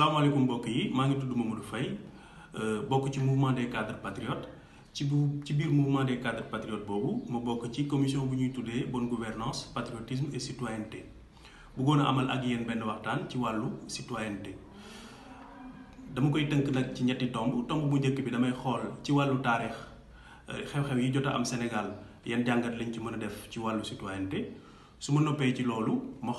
Assalamualaikum mbokk yi maa ngi tudd Mamadou Faye euh, bokk ci mouvement des cadres patriotes ci bu ci biir mouvement des cadres patriotes boobu ma bokk ci commission bu ñuy bonne gouvernance patriotisme et citoyenneté bëggoon amal ak yéen benn waxtaan ci Damu citoyenneté dama koy tënk nag ci ñetti tomb tomb bu njëkk bi damay xool ci euh, xew-xew yi am Sénégal yang jàngat lañ ci mën def ci wàllu citoyenneté su ci lolu ma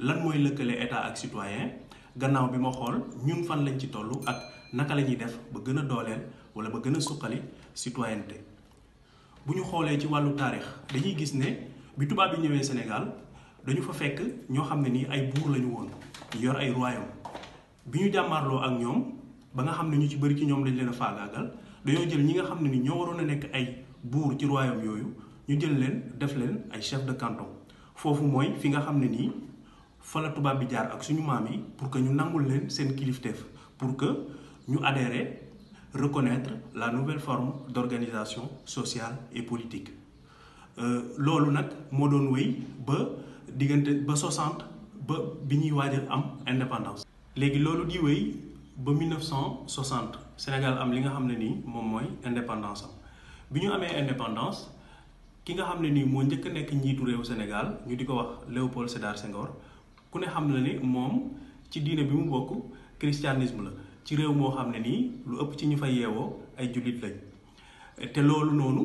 lan mooy lëkkale état ak citoyen gannaaw bi ma xool ñun fan lañ ci toll ak naka la ñuy def ba gën a dooleel wala ba gën a suqali citoyenneté bu ñu xoolee ci wàllu taarix dañuy gis ne bi tubaab yi ñëwee senegal dañu fa fekk ñoo xam ne nii ay buur lañu woon yor ay royaume bi ñu jàmmaarloo ak ñoom ba nga xam ne ñu ci bëri ci ñoom lañ leen a faagaagal dañoo jël ñi nga xam ne ni ñoo waroon a nekk ay buur ci royaume yooyu ñu jël leen def leen ay chef de canton foofu mooy fi nga xam ne nii fala la tubaab bi jaar ak suñu maam yi pour que ñu nangul leen seen kiliftef pour que ñu adhérer reconnaître la nouvelle forme d'organisation sociale et politique euh, loolu nak moo doon wéy ba diggante ba 60 ba bi ñuy am indépendance. léegi loolu di wéy ba 1960 Sénégal am li nga xam ne nii moom mooy indépendance am bi ñu amee indépendance ki nga xam ne nii moo njëkk nekk njiitu Sénégal ñu di ko wax Léopold Sédar Senghor. ku ne xam na ni moom ci diine bi mu bokk christianisme la ci réew moo xam ne nii lu ëpp ci ñu fa yeewoo ay jullit lañ te loolu noonu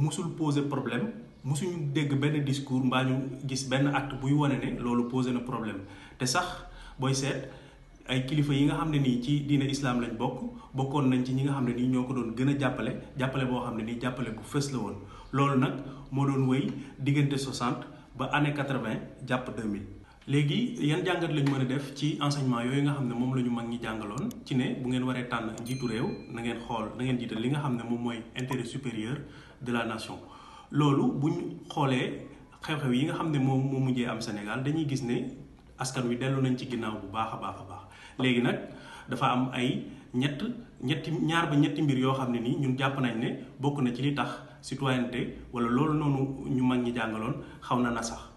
mosul poser problème musuñu dégg benn discours mbaa ñu gis benn att buy wane ne loolu posé na problème te sax booy seet ay kilifa yi nga xam ne nii ci diine islam lañ bokk bokkoon nañ ci ñi nga xam ne nii ñoo ko doon gën a jàppale jàppale boo xam ne nii jàppale bu fës la woon loolu nag moo doon wéy diggante 60 ba année 80 jàpp 2000. Lagi, yan jangat lañ mëna def ci enseignement yoy nga xamne mom lañu mag ñi jangalon ci ne bu ngeen waré tan jitu rew na ngeen xol na ngeen jital li nga xamne mom moy intérêt supérieur de la nation lolu buñ xolé xew xew yi nga xamne mom mo mujjé am Sénégal dañuy gis ne askan wi delu nañ ci ginaaw bu baaxa baaxa baax nak dafa am ay ñett ñetti ñaar ba ñetti mbir yo xamne ni ñun japp nañ ne bokku na ci li tax citoyenneté wala lolu nonu ñu mag ñi jangalon xawna na sax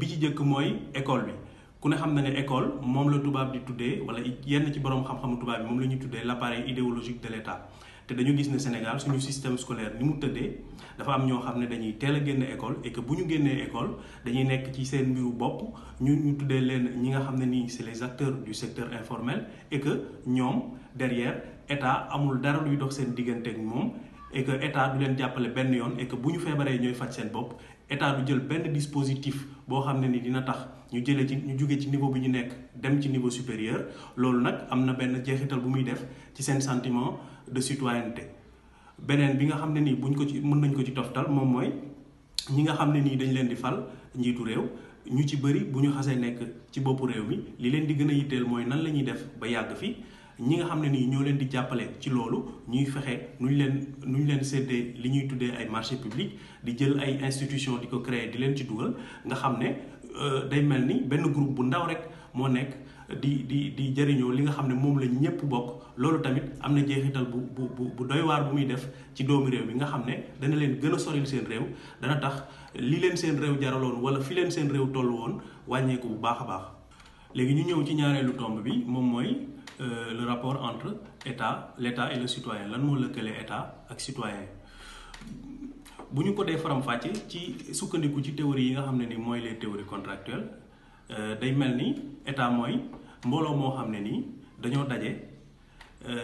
bi ci jëkk mooy école bi ku ne xam na ne école moom la tubaab di tuddee wala yenn ci borom xam-xamu tubaab bi moom la ñuy tuddee l'appareil idéologique de l'État te dañu gis ne Sénégal suñu système scolaire ni mu tëddee dafa am ñoo xam ne dañuy teel a génn école et que bu ñu génnee école dañuy nekk ci seen mbiru bopp ñu ñu tuddee leen ñi nga xam ne nii c'est les acteurs du secteur informel et que ñoom derrière état amul dara luy dox seen diggante ak moom et que état du leen jàppale benn yoon et que bu ñu feebaree ñooy faj seen bopp état du jël benn dispositif boo xam ne ni dina tax ñu jëlee ci ñu jóge ci niveau bi ñu nekk dem ci niveau supérieur loolu nag am na benn jeexital bu muy def ci seen sentiment de citoyenneté beneen bi nga xam ne nii buñ ko ci mën nañ ko ci toftal moom mooy ñi nga xam ne nii dañ leen di fal njiitu réew ñu ci bëri bu ñu xasee nekk ci boppu réew mi li leen di gën a yitteel mooy nan la ñuy def ba yàgg fi ñi nga xam ne nii ñoo leen di jàppale ci loolu ñuy fexe nu ñu leen nu ñu leen seddee li ñuy tuddee ay marché public di jël ay institution di ko créer di leen ci dugal nga xam ne euh, day mel ni benn groupe bu ndaw rek moo nekk di di di jëriñoo li nga xam ne moom la ñëpp bokk loolu tamit am na jeexital bu bu bu doy waar bu muy def ci doomu réew bi nga xam ne dana leen gën a soril seen réew dana tax li leen seen réew jaraloon wala fi leen seen réew tollu woon wàññeeku bu baax a baax léegi ñu ñëw ci ñaareelu tomb bi moom mooy Euh, le rapport entre état l'état et le citoyen lan le lëkkale état ak citoyen bu ko dee faram-fàcce ci sukkandiku ci théorie yi nga xam ni mooy les théories contractuelles euh, day mel ni état mooy mbolo moo xam ni, nii dañoo daje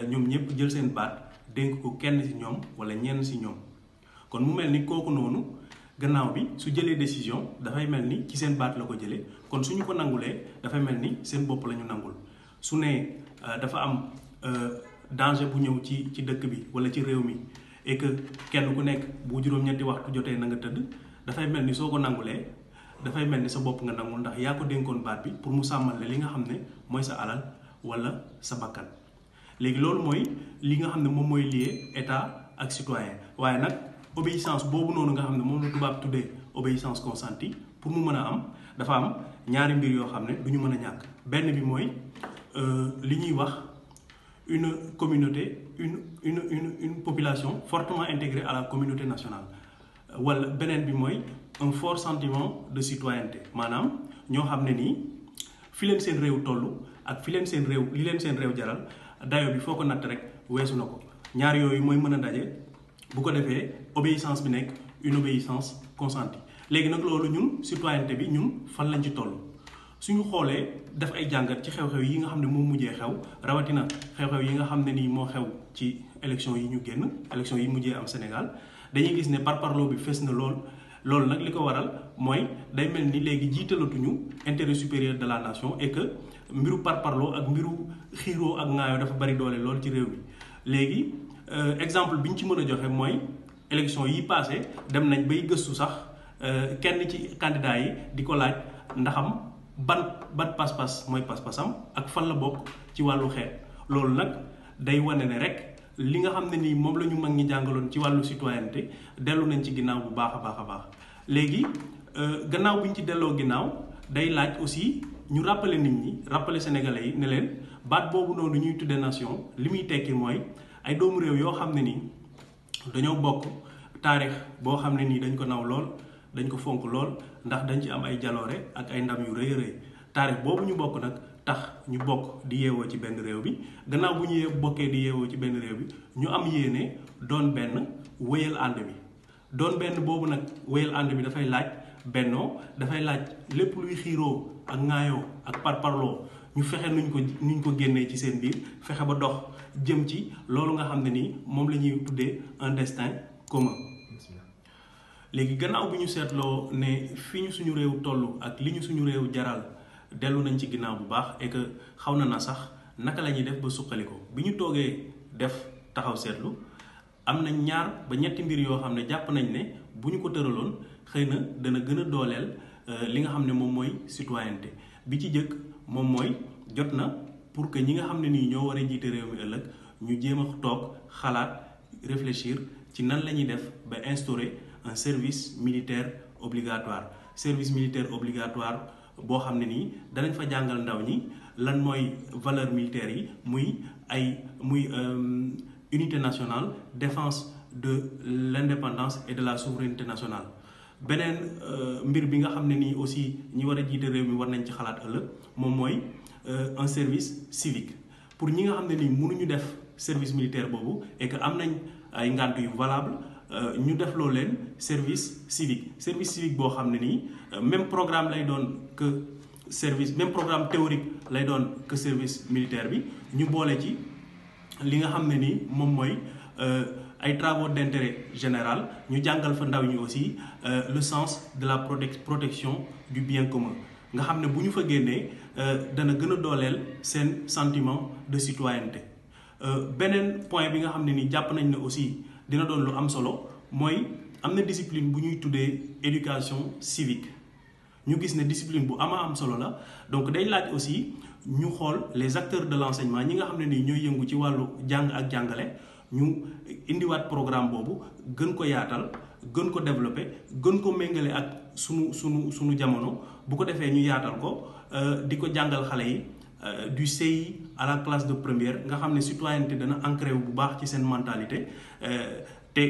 nyom euh, ñëpp jël seen baat denk ko kenn ci ñoom walla ñenn ci ñoom kon mu mel ni kooku noonu gannaaw bi su jëlee décision dafay mel ni ci seen baat la ko jëlee kon suñu ko nangulee dafay mel ni seen bopp la ñu nangul su nee Euh, dafa am euh, danger bu ñëw ci ci dëkk bi wala ci réew mi et que kenn ku nekk bu juróom-ñetti waxtu jotee na nga tëdd dafay mel ni soo ko nangulee dafay mel ni sa bopp nga nangul ndax yaa ko dénkoon baat bi pour mu sàmmal li nga xam ne mooy sa alal wala sa bakkan léegi loolu mooy li nga xam ne moom mooy lié état ak citoyen waaye nag obéissance boobu noonu nga xam ne moom la tubaab tuddee obéissance consentie pour mu mën a am dafa am ñaari mbir yoo xam ne du ñu mën a ñàkk benn bi mooy Euh, li ñuy wax une communauté une une une une population fortement intégrée à la communauté nationale wala beneen bi un fort sentiment de citoyenneté Madame, ñoo xam ne filen fi leen seen ak filen leen seen réew li len seen rew jaral dayo bi foko nat rek wessu nako ñaar yooyu moy mën dajé bu ko défé obéissance bi nek une obéissance consentie légui nak lolu ñun citoyenneté bi ñun fan lañ ci toll suñu xoolee def ay jàngat ci xew-xew yi nga xam ne moo mujjee xew rawatina xew-xew yi nga xam ne nii moo xew ci élection yi ñu génn élection yi mujjee am Sénégal dañuy gis ne parparloo bi fës na lool loolu nag li ko waral mooy day mel ni léegi jiitalatuñu intérêt supérieur de la nation et que mbiru parlo ak mbiru xiiro ak ŋaayoo dafa bari doole lool ci réew mi léegi euh, exemple bi ñu ci mën a joxe mooy élection yi passé dem nañ bay gëstu sax euh, kenn ci candidat yi di ko laaj ndaxam ban ban pas-pas mooy pas-pasam ak fan la bokk ci wàllu xeet loolu nag day wane ne rek li nga xam ne nii moom la ñu mag ñi jàngaloon ci wàllu citoyenneté dellu nañ ci ginnaaw bu baax a baax a baax léegi euh, gannaaw bu ñu ci delloo ginnaaw day laaj aussi ñu rappeler nit ñi rappeler sénégalais yi ne leen baat boobu noonu ñuy tuddee nation li muy tekki mooy ay doomu réew yoo xam ne nii dañoo bokk taarix boo xam ne nii dañ ko naw lool. dañ ko fonk lool ndax dañ ci am ay jaloore ak ay ndam yu rëy rëy taarix boobu ñu bokk nag tax ñu bokk di yeewoo ci benn réew bi gannaaw bu ñu bokkee di yeewoo ci benn réew bi ñu am yéene doon benn wéyal ànd bi doon benn boobu nag wéyal ànd bi dafay laaj bennoo dafay laaj lépp luy xiiroo ak ŋaayoo ak parparloo ñu fexe nuñ ko nuñ ko génnee ci seen biir fexe ba dox jëm ci loolu nga xam ne nii moom la ñuy tuddee un destin commun léegi gannaaw bi ñu seetloo ne fi ñu suñu réew toll ak li ñu suñu réew jaral dellu nañ ci ginnaaw bu baax et que xaw na na sax naka la ñuy def ba suqali ko bi ñu toogee def taxaw seetlu am na ñaar ba ñetti mbir yoo xam ne jàpp nañ ne bu ñu ko tëraloon xëy na dana gën a dooleel euh, li nga xam ne moom mooy citoyenneté bi ci jëkk moom mooy jot na pour que ñi nga xam ne nii ñoo war a jiite réew mi ëllëg ñu jéem a toog xalaat réfléchir ci nan la ñuy def ba instaurer un service militaire obligatoire service militaire obligatoire boo xam ne nii danañ fa jàngal ndaw ñi lan valeur militaire yi ay euh, unité nationale défense de l'indépendance et de la souveraineté nationale beneen euh, mbir bi nga xam aussi ñi war a mi war nañ euh, un service civique pour ñi nga xam ne def service militaire boobu et que am nañ ay valable euh, ñu defloo leen service civique service civique boo xam ne nii euh, même programme lay doon que service même programme théorique lay doon que service militaire bi ñu boole ci li nga xam ne nii moom mooy euh, ay travaux d'intérêt général ñu jàngal fa ndaw ñu aussi le sens de la protection du bien commun nga xam ne bu ñu fa génnee dana gën a dooleel seen sentiment de citoyenneté beneen point bi nga xam ne nii jàpp nañ ne aussi dina doon lu am solo mooy am na discipline bu ñuy tuddee éducation civique ñu gis ne discipline bu ama am solo la donc day laaj aussi ñu xool les acteurs de l'enseignement ñi nga xam ne nii ñooy yëngu ci wàllu jàng ak jàngale ñu indiwaat programme boobu gën ko yaatal gën ko développer gën ko méngale ak sunu sunu sunu jamono bu ko defee ñu yaatal ko euh, di ko jàngal xale yi euh, du CI à la classe de première nga xam ne citoyenneté dana ancré wu bu baax ci seen mentalité euh, te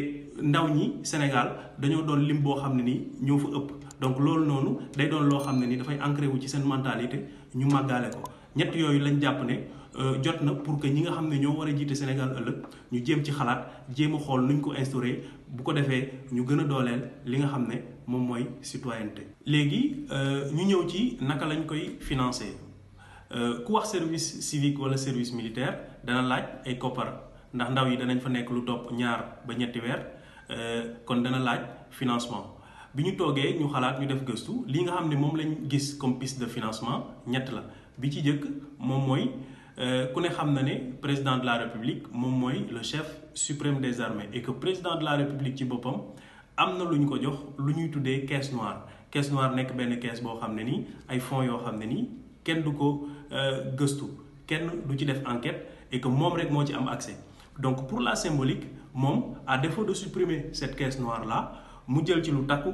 ndaw ñi Sénégal dañoo doon lim boo xam ne nii ëpp donc loolu noonu day doon loo xam ne ni dafay ancré wu ci seen mentalité ñu màggaale ko ñett yooyu lañ jàpp ne euh, jot na pour que ñi nga xam ne ñoo war a jiite Sénégal ëllëg ñu jéem ci xalaat jéem a xool nuñ ko instauré bu ko defee ñu gën a dooleel li nga xam ne moom mooy citoyenneté léegi ñu ñëw ci naka lañ koy financer. Euh, ku wax service civique wala service militaire dana laaj ay koppar ndax ndaw yi danañ fa nekk lu topp ñaar ba ñetti weer euh, kon dana laaj financement bi ñu toogee ñu xalaat ñu def gëstu li nga xam ne moom lañ gis comme piste de financement ñett la bi ci jëkk moom mooy euh, ku ne xam na ne président de la république moom mooy le chef suprême des armées et que président de la république ci boppam am na lu ñu ko jox lu ñuy tuddee caisse noire caisse noire nekk benn caisse boo xam ne nii ay fonds yoo xam ne kenn du ko euh, gëstu kenn du ci def enquête et que moom rek moo ci am accès donc pour la symbolique moom à défaut de supprimer cette caisse noire là mu jël ci lu takku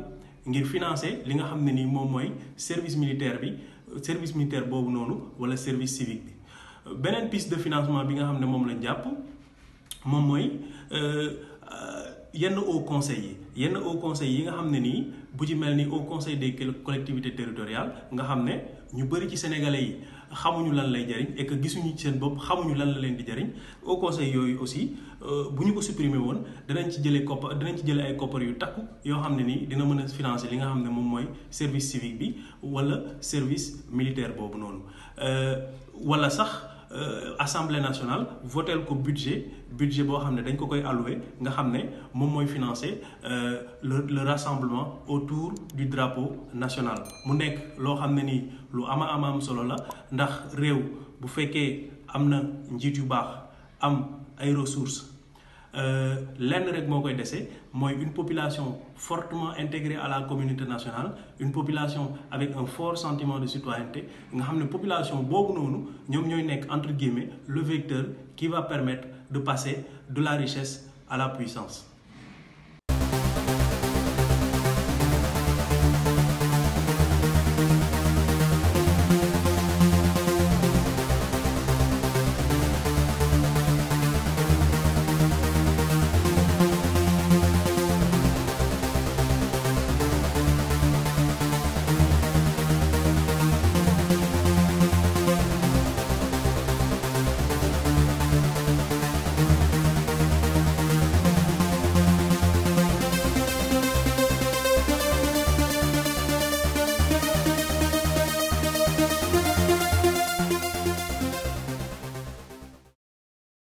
ngir financer li nga xam ne ni moom mooy service militaire bi euh, service militaire boobu noonu wala service civique bi euh, beneen piste de financement bi nga xam ne moom lañ jàpp moom mooy yenn au conseils yenn au conseil yi nga xam ne nii bu ci mel ni au conseil des collectivités territoriales nga xam ne ñu bëri ci sénégalais yi xamuñu lan lay jariñ et que gisuñu ci seen bopp xamuñu lan la leen di jariñ au conseil yooyu aussi euh, bu ñu ko supprimer woon danañ ci jëlee koppar danañ ci jëlee ay koppar yu takku yoo xam ne nii dina mën a financer li nga xam ne moom mooy service civique bi walla service militaire boobu noonu euh, walla sax. Euh, assemblée nationale votel le budget budget boo xam ne dañ ko koy alloué nga xam ne moom mooy financer euh, le le rassemblement autour du drapeau national mu nekk loo xam ne nii lu ama ama am solo la ndax réew bu fekkee am na njiit yu baax am ay ressources euh, l'ENREG une population fortement intégrée à la communauté nationale une population avec un fort sentiment de citoyenneté une population qui est le vecteur qui va permettre de passer de la richesse à la puissance